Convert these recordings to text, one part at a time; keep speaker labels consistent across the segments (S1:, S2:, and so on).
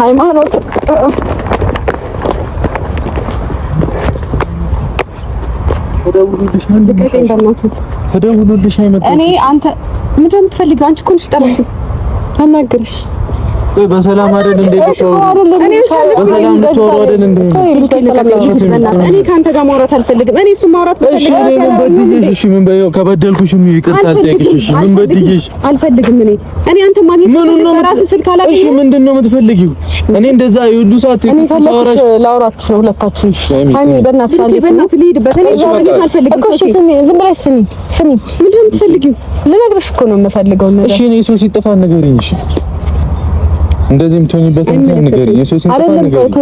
S1: ሃይማኖት
S2: ተደውሎልሽ ነው
S1: የመጣሁት እኔ። አንተ ምንድን ነው የምትፈልገው? አንቺ እኮ ነሽ ጠራሽኝ። አናግርሽ
S2: በሰላም አይደል እንዴ?
S1: በሰላም ልትወሩ አይደል እንዴ? እኔ ከአንተ ጋር ማውራት አልፈልግም። እኔ እሱ ማውራት
S2: ከበደልኩሽ ይቅርታ አልጠየቅሽ። ምን በድዬሽ? አልፈልግም።
S1: እኔ እኔ አንተ ማግኘት ራስህ ስልክ አላገኘ። እሺ፣
S2: ምንድን ነው የምትፈልጊው? እኔ እንደዛ የሁሉ ሰዓት
S1: እኔ ፈለግሽ ላውራችሁ ሁለታችሁ። ሀይሚ፣ በእናትሽ አንዴ እኔ ማግኘት አልፈልግም እሺ፣ ስሚ፣ ዝም ብለሽ ስሚ፣ ስሚ። ምንድን ነው የምትፈልጊው? ልነግርሽ እኮ ነው የምፈልገው
S2: ነገር። እሺ፣ እኔ እሱ ሲጠፋ ንገሪኝ። እሺ እንደዚህ የምትሆኝበት እንትን ነገር የሶስት አይደለም ቆቶ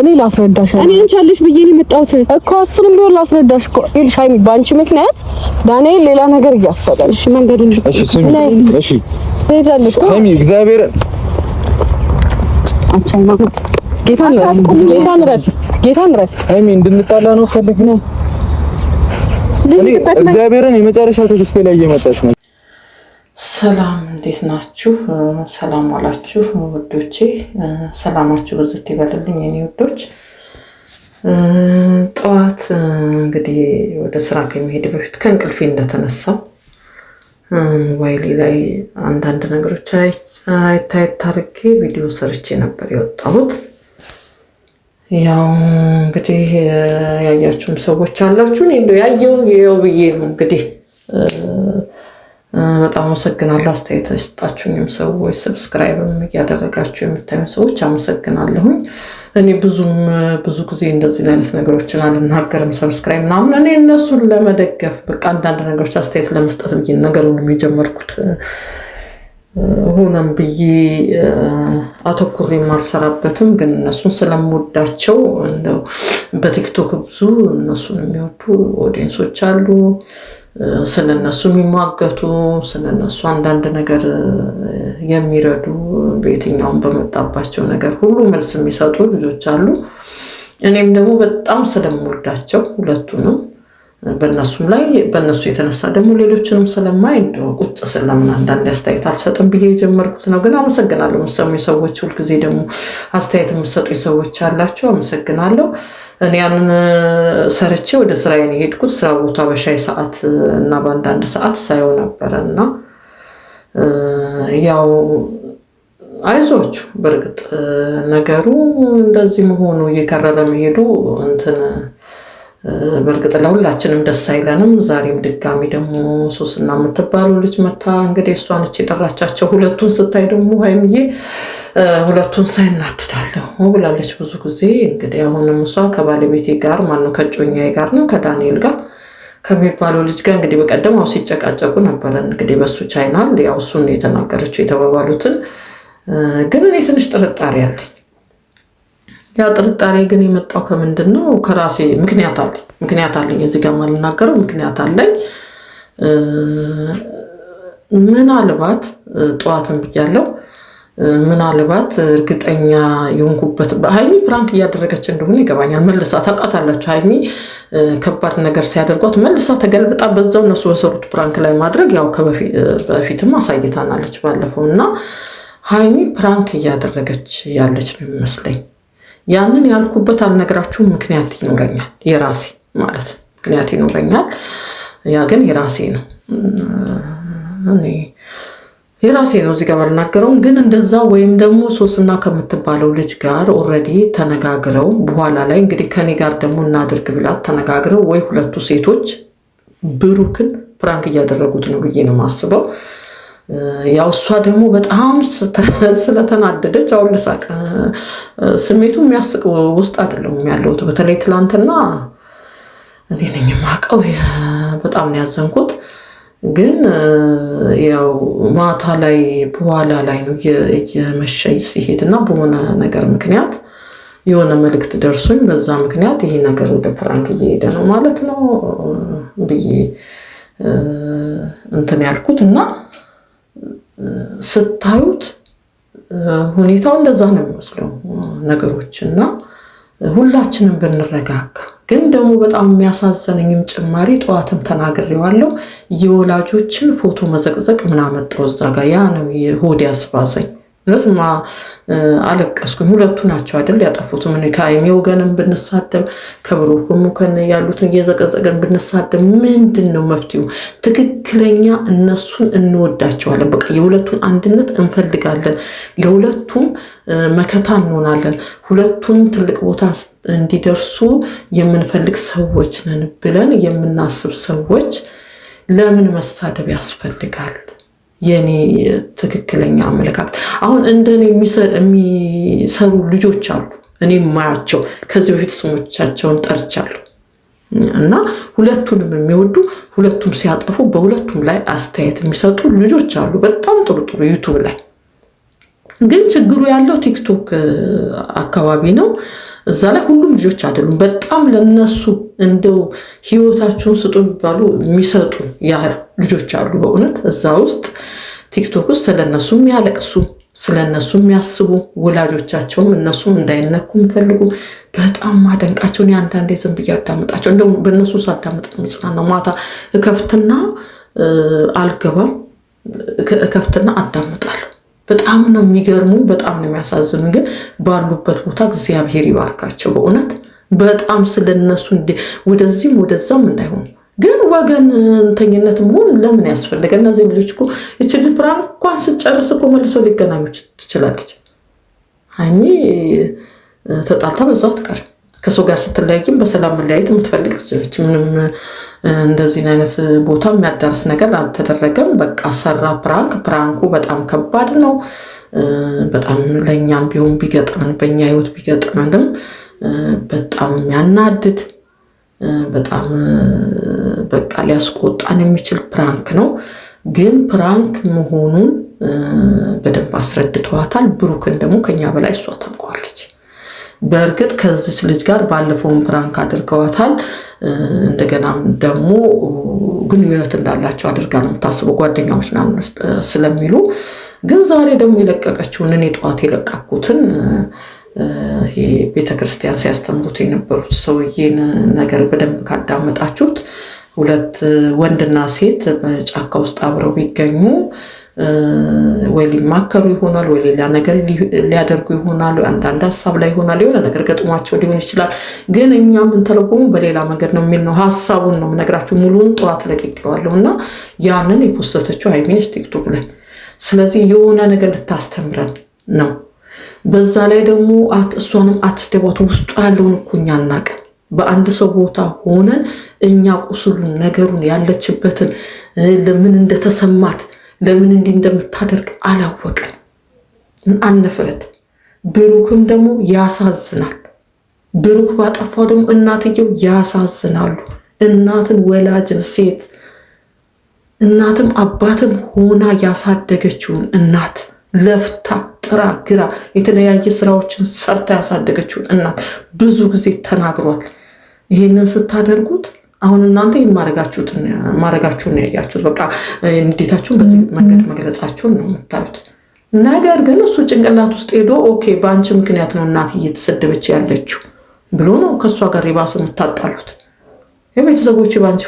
S1: እኔ ላስረዳሽ እኔ አንቺ አለሽ ብዬ ነው የመጣሁት እኮ እሱንም ቢሆን ላስረዳሽ እኮ ይልሽ ሀይሚ በአንቺ ምክንያት ዳንኤል ሌላ ነገር እያሰበ እሺ መንገዱን እሺ
S2: ስሚ እሺ ትሄጃለሽ ሀይሚ እግዚአብሔር
S1: አቻ ማለት ጌታ ነው። ጌታን ረፊ ጌታን
S2: ረፊ ሀይሚ እንድንጣላ ነው ፈልግ ነው እግዚአብሔርን የመጨረሻ ትዕግስቴ ላይ እየመጣች ነው
S3: ሰላም እንዴት ናችሁ? ሰላም ዋላችሁ ውዶቼ። ሰላማችሁ ብዝት ይበልልኝ የኔ ውዶች። ጠዋት እንግዲህ ወደ ስራ ከሚሄድ በፊት ከእንቅልፌ እንደተነሳው ሞባይሌ ላይ አንዳንድ ነገሮች አይታየት አድርጌ ቪዲዮ ሰርቼ ነበር የወጣሁት። ያው እንግዲህ ያያችሁም ሰዎች አላችሁ። ያየው የው ብዬ ነው እንግዲህ በጣም አመሰግናለሁ። አስተያየት የሰጣችሁኝም ሰዎች ሰብስክራይብም እያደረጋችሁ የምታዩ ሰዎች አመሰግናለሁኝ። እኔ ብዙም ብዙ ጊዜ እንደዚህ አይነት ነገሮችን አልናገርም። ሰብስክራይብ ምናምን እኔ እነሱን ለመደገፍ በቃ አንዳንድ ነገሮች አስተያየት ለመስጠት ብዬ ነገሩን የጀመርኩት ሆነም ብዬ አተኩሬ አልሰራበትም፣ ግን እነሱን ስለምወዳቸው እንደው በቲክቶክ ብዙ እነሱን የሚወዱ ኦዲየንሶች አሉ ስለነሱ የሚሟገቱ ስለነሱ አንዳንድ ነገር የሚረዱ በየትኛውም በመጣባቸው ነገር ሁሉ መልስ የሚሰጡ ልጆች አሉ። እኔም ደግሞ በጣም ስለምወዳቸው ሁለቱንም በእነሱም ላይ በእነሱ የተነሳ ደግሞ ሌሎችንም ስለማይ ቁጭ ስለምን አንዳንድ አስተያየት አልሰጥም ብዬ የጀመርኩት ነው። ግን አመሰግናለሁ። የምትሰሙኝ ሰዎች፣ ሁልጊዜ ደግሞ አስተያየት የምትሰጡኝ ሰዎች አላቸው። አመሰግናለሁ። እኔ ያንን ሰርቼ ወደ ስራ የሄድኩት ስራ ቦታ በሻይ ሰዓት እና በአንዳንድ ሰዓት ሳየው ነበረ እና ያው አይዞች በእርግጥ ነገሩ እንደዚህ መሆኑ እየከረረ መሄዱ እንትን በእርግጥ ለሁላችንም ደስ አይለንም። ዛሬም ድጋሚ ደግሞ ሶስትና የምትባለው ልጅ መታ እንግዲህ እሷን እች የጠራቻቸው ሁለቱን ስታይ ደግሞ ሀይምዬ ሁለቱን ሳይናድዳለሁ ብላለች። ብዙ ጊዜ እንግዲህ አሁንም እሷ ከባለቤቴ ጋር ማነው ከጮኛዬ ጋር ነው ከዳንኤል ጋር ከሚባለው ልጅ ጋር እንግዲህ በቀደም አው ሲጨቃጨቁ ነበረ። እንግዲህ በሱ ቻይናል ያው እሱን የተናገረችው የተባባሉትን ግን እኔ ትንሽ ጥርጣሬ አለኝ ያ ጥርጣሬ ግን የመጣው ከምንድን ነው? ከራሴ ምክንያት አለኝ። ምክንያት አለኝ እዚህ ጋር የማልናገረው ምክንያት አለኝ። ምናልባት ጠዋትን ብያለው። ምናልባት እርግጠኛ የሆንኩበት ሀይሚ ፕራንክ እያደረገች እንደሆነ ይገባኛል። መልሳ ታውቃታላችሁ፣ ሀይሚ ከባድ ነገር ሲያደርጓት መልሳ ተገልብጣ በዛው እነሱ በሰሩት ፕራንክ ላይ ማድረግ ያው በፊትም አሳይታናለች ባለፈው እና ሀይሚ ፕራንክ እያደረገች ያለች ነው የሚመስለኝ ያንን ያልኩበት አልነግራችሁም ምክንያት ይኖረኛል፣ የራሴ ማለት ምክንያት ይኖረኛል። ያ ግን የራሴ ነው የራሴ ነው እዚህ ጋር ባልናገረውም፣ ግን እንደዛ ወይም ደግሞ ሶስና ከምትባለው ልጅ ጋር ኦልሬዲ ተነጋግረው በኋላ ላይ እንግዲህ ከኔ ጋር ደግሞ እናድርግ ብላት ተነጋግረው ወይ ሁለቱ ሴቶች ብሩክን ፕራንክ እያደረጉት ነው ብዬ ነው የማስበው። ያው እሷ ደግሞ በጣም ስለተናደደች አሁን ልሳቅ ስሜቱ የሚያስቅ ውስጥ አይደለም ያለሁት። በተለይ ትላንትና እኔ ነኝ የማውቀው በጣም ነው ያዘንኩት። ግን ያው ማታ ላይ በኋላ ላይ ነው እየመሸ ሲሄድ እና በሆነ ነገር ምክንያት የሆነ መልእክት ደርሶኝ በዛ ምክንያት ይሄ ነገር ወደ ፕራንክ እየሄደ ነው ማለት ነው ብዬ እንትን ያልኩት እና ስታዩት ሁኔታው እንደዛ ነው የሚመስለው ነገሮች እና ሁላችንም ብንረጋጋ ግን ደግሞ በጣም የሚያሳዘነኝም ጭማሪ ጠዋትም ተናግሬዋለሁ። የወላጆችን ፎቶ መዘቅዘቅ ምናመጣው እዛ ጋር ያ ነው ሆድ ያስባዘኝ። ሁለቱም አለቀስኩኝ። ሁለቱ ናቸው አይደል ያጠፉት። ምን ከሀይሚ ወገንም ብንሳደብ ከብሩክም ከነ ያሉትን እየዘቀዘቀን ብንሳደብ ምንድን ነው መፍትሄው? ትክክለኛ እነሱን እንወዳቸዋለን። በቃ የሁለቱን አንድነት እንፈልጋለን። ለሁለቱም መከታ እንሆናለን። ሁለቱን ትልቅ ቦታ እንዲደርሱ የምንፈልግ ሰዎች ነን ብለን የምናስብ ሰዎች ለምን መሳደብ ያስፈልጋል? የኔ ትክክለኛ አመለካከት። አሁን እንደኔ የሚሰሩ ልጆች አሉ፣ እኔ ማያቸው ከዚህ በፊት ስሞቻቸውን ጠርቻለሁ። እና ሁለቱንም የሚወዱ ሁለቱም ሲያጠፉ በሁለቱም ላይ አስተያየት የሚሰጡ ልጆች አሉ፣ በጣም ጥሩ ጥሩ ዩቱብ ላይ። ግን ችግሩ ያለው ቲክቶክ አካባቢ ነው። እዛ ላይ ሁሉም ልጆች አይደሉም። በጣም ለነሱ እንደው ህይወታቸውን ስጡ የሚባሉ የሚሰጡ ያህል ልጆች አሉ። በእውነት እዛ ውስጥ ቲክቶክ ውስጥ ስለነሱ የሚያለቅሱ ስለነሱ የሚያስቡ ወላጆቻቸውም እነሱም እንዳይነኩ የሚፈልጉ በጣም ማደንቃቸውን የአንዳንዴ ዝም ብዬ አዳምጣቸው እንደውም በእነሱ ሳዳምጥ የሚጽናናው ማታ እከፍትና አልገባም እከፍትና አዳምጣለሁ። በጣም ነው የሚገርሙ፣ በጣም ነው የሚያሳዝኑ። ግን ባሉበት ቦታ እግዚአብሔር ይባርካቸው። በእውነት በጣም ስለነሱ ወደዚህም ወደዛም እንዳይሆኑ ግን ወገንተኝነት መሆን ለምን ያስፈልገ? እነዚህ ልጆች እኮ ይችል ፕራም እንኳን ስጨርስ እኮ መልሰው ሊገናኙ ትችላለች። ሀይሚ ተጣልታ በዛው ትቀር። ከሰው ጋር ስትለያይም በሰላም መለያየት የምትፈልግ ልጅ ምንም እንደዚህን አይነት ቦታ የሚያዳርስ ነገር አልተደረገም። በቃ ሰራ ፕራንክ። ፕራንኩ በጣም ከባድ ነው። በጣም ለእኛም ቢሆን ቢገጥመን በእኛ ህይወት ቢገጥመንም በጣም የሚያናድድ በጣም በቃ ሊያስቆጣን የሚችል ፕራንክ ነው። ግን ፕራንክ መሆኑን በደንብ አስረድተዋታል። ብሩክን ደግሞ ከኛ በላይ እሷ ታውቀዋለች። በእርግጥ ከዚች ልጅ ጋር ባለፈውን ፕራንክ አድርገዋታል። እንደገናም ደግሞ ግንኙነት እንዳላቸው አድርጋ ነው የምታስበው ጓደኛዎች ስለሚሉ ግን ዛሬ ደግሞ የለቀቀችውን እኔ ጠዋት የለቀኩትን ቤተክርስቲያን ሲያስተምሩት የነበሩት ሰውዬን ነገር በደንብ ካዳመጣችሁት ሁለት ወንድና ሴት በጫካ ውስጥ አብረው ቢገኙ ወይ ሊማከሩ ይሆናል ወይ ሌላ ነገር ሊያደርጉ ይሆናል፣ አንዳንድ ሀሳብ ላይ ይሆናል፣ የሆነ ነገር ገጥሟቸው ሊሆን ይችላል። ግን እኛ የምንተለጎሙ በሌላ መንገድ ነው የሚል ነው። ሀሳቡን ነው የምነግራችሁ። ሙሉውን ጠዋት ለቅቄዋለሁ እና ያንን የፖሰተችው ሀይሚነች ቲክቶክ ላይ። ስለዚህ የሆነ ነገር ልታስተምረን ነው። በዛ ላይ ደግሞ እሷንም አትስደቧት። ውስጡ ያለውን እኮ እኛ አናውቅም። በአንድ ሰው ቦታ ሆነን እኛ ቁስሉን፣ ነገሩን፣ ያለችበትን ለምን እንደተሰማት ለምን እንዲህ እንደምታደርግ አላወቅን። አንፍረት። ብሩክም ደግሞ ያሳዝናል። ብሩክ ባጠፋው ደግሞ እናትየው ያሳዝናሉ። እናትን ወላጅን ሴት እናትም አባትም ሆና ያሳደገችውን እናት ለፍታ ጥራ ግራ የተለያየ ስራዎችን ሰርታ ያሳደገችውን እናት ብዙ ጊዜ ተናግሯል። ይሄንን ስታደርጉት አሁን እናንተ ማድረጋችሁን ነው ያያችሁት። በቃ እንዴታችሁን በዚህ መንገድ መግለጻችሁን ነው የምታዩት። ነገር ግን እሱ ጭንቅላት ውስጥ ሄዶ ኦኬ፣ በአንቺ ምክንያት ነው እናት እየተሰደበች ያለችው ብሎ ነው ከእሷ ጋር የባሰ የምታጣሉት። የቤተሰቦች በአንቺ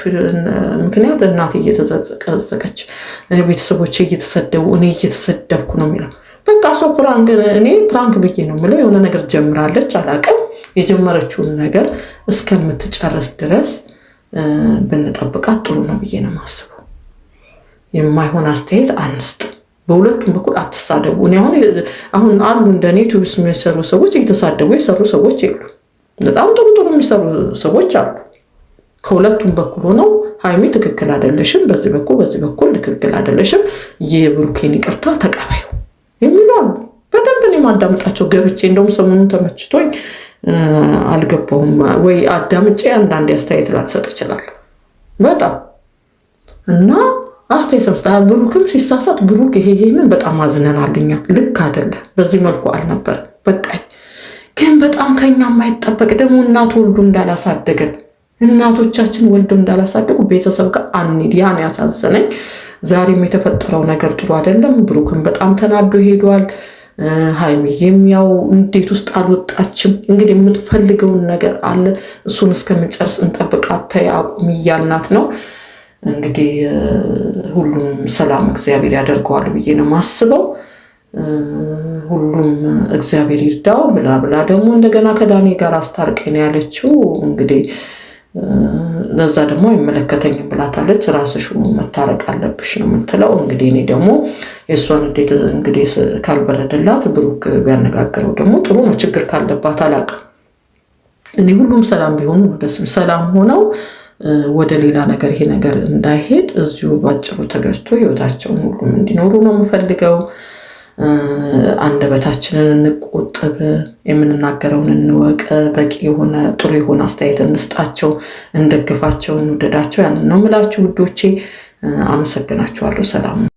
S3: ምክንያት እናት እየተዘቀዘቀች፣ ቤተሰቦች እየተሰደቡ፣ እኔ እየተሰደብኩ ነው የሚለው በቃ ሰው ፕራንክ እኔ ፕራንክ ብዬ ነው የምለው የሆነ ነገር ጀምራለች አላቅም የጀመረችውን ነገር እስከምትጨርስ ድረስ ብንጠብቃት ጥሩ ነው ብዬ ነው የማስበው። የማይሆን አስተያየት አንስጥ። በሁለቱም በኩል አትሳደቡ። እኔ አሁን አሁን አንዱ እንደኔ ዩቲዩብ የሚሰሩ ሰዎች እየተሳደቡ የሰሩ ሰዎች የሉ። በጣም ጥሩ ጥሩ የሚሰሩ ሰዎች አሉ። ከሁለቱም በኩል ሆነው ሀይሚ ትክክል አይደለሽም፣ በዚህ በኩል በዚህ በኩል ትክክል አይደለሽም፣ የብሩኬን ይቅርታ ተቀበዩ የሚሉ አሉ። በደንብ እኔ ገብቼ እንደውም ሰሞኑን ተመችቶኝ አልገባውም ወይ አዳምጬ አንዳንድ አስተያየት ላትሰጥ ይችላል። በጣም እና አስተያየት መስጠት ብሩክም ሲሳሳት ብሩክ ይሄ ይሄንን በጣም አዝነናልኛ ልክ አይደለ፣ በዚህ መልኩ አልነበር በቃኝ። ግን በጣም ከኛ የማይጠበቅ ደግሞ እናቱ ወልዶ እንዳላሳደገን እናቶቻችን ወልዶ እንዳላሳደጉ ቤተሰብ ጋር አንሂድ። ያን ያሳዘነኝ ዛሬም የተፈጠረው ነገር ጥሩ አይደለም። ብሩክም በጣም ተናዶ ሄዷል። ሀይሚዬም ያው እንዴት ውስጥ አልወጣችም። እንግዲህ የምትፈልገውን ነገር አለ እሱን እስከምጨርስ እንጠብቃት ተይ አቁም እያልናት ነው። እንግዲህ ሁሉም ሰላም እግዚአብሔር ያደርገዋል ብዬ ነው የማስበው። ሁሉም እግዚአብሔር ይርዳው ብላ ብላ ደግሞ እንደገና ከዳኔ ጋር አስታርቀን ነው ያለችው እንግዲህ ለዛ ደግሞ የመለከተኝ ብላታለች። ራስሽ መታረቅ አለብሽ ነው የምትለው። እንግዲህ እኔ ደግሞ የእሷን እንዴት እንግዲህ ካልበረደላት ብሩክ ቢያነጋግረው ደግሞ ጥሩ ነው። ችግር ካለባት አላቅም እኔ ሁሉም ሰላም ቢሆኑ ደስ ሰላም ሆነው ወደ ሌላ ነገር ይሄ ነገር እንዳይሄድ እዚሁ ባጭሩ ተገዝቶ ህይወታቸውን ሁሉም እንዲኖሩ ነው የምፈልገው። አንደበታችንን እንቆጥብ፣ የምንናገረውን እንወቅ፣ በቂ የሆነ ጥሩ የሆነ አስተያየት እንስጣቸው፣ እንደግፋቸው፣ እንውደዳቸው። ያንን ነው ምላችሁ ውዶቼ። አመሰግናችኋለሁ። ሰላም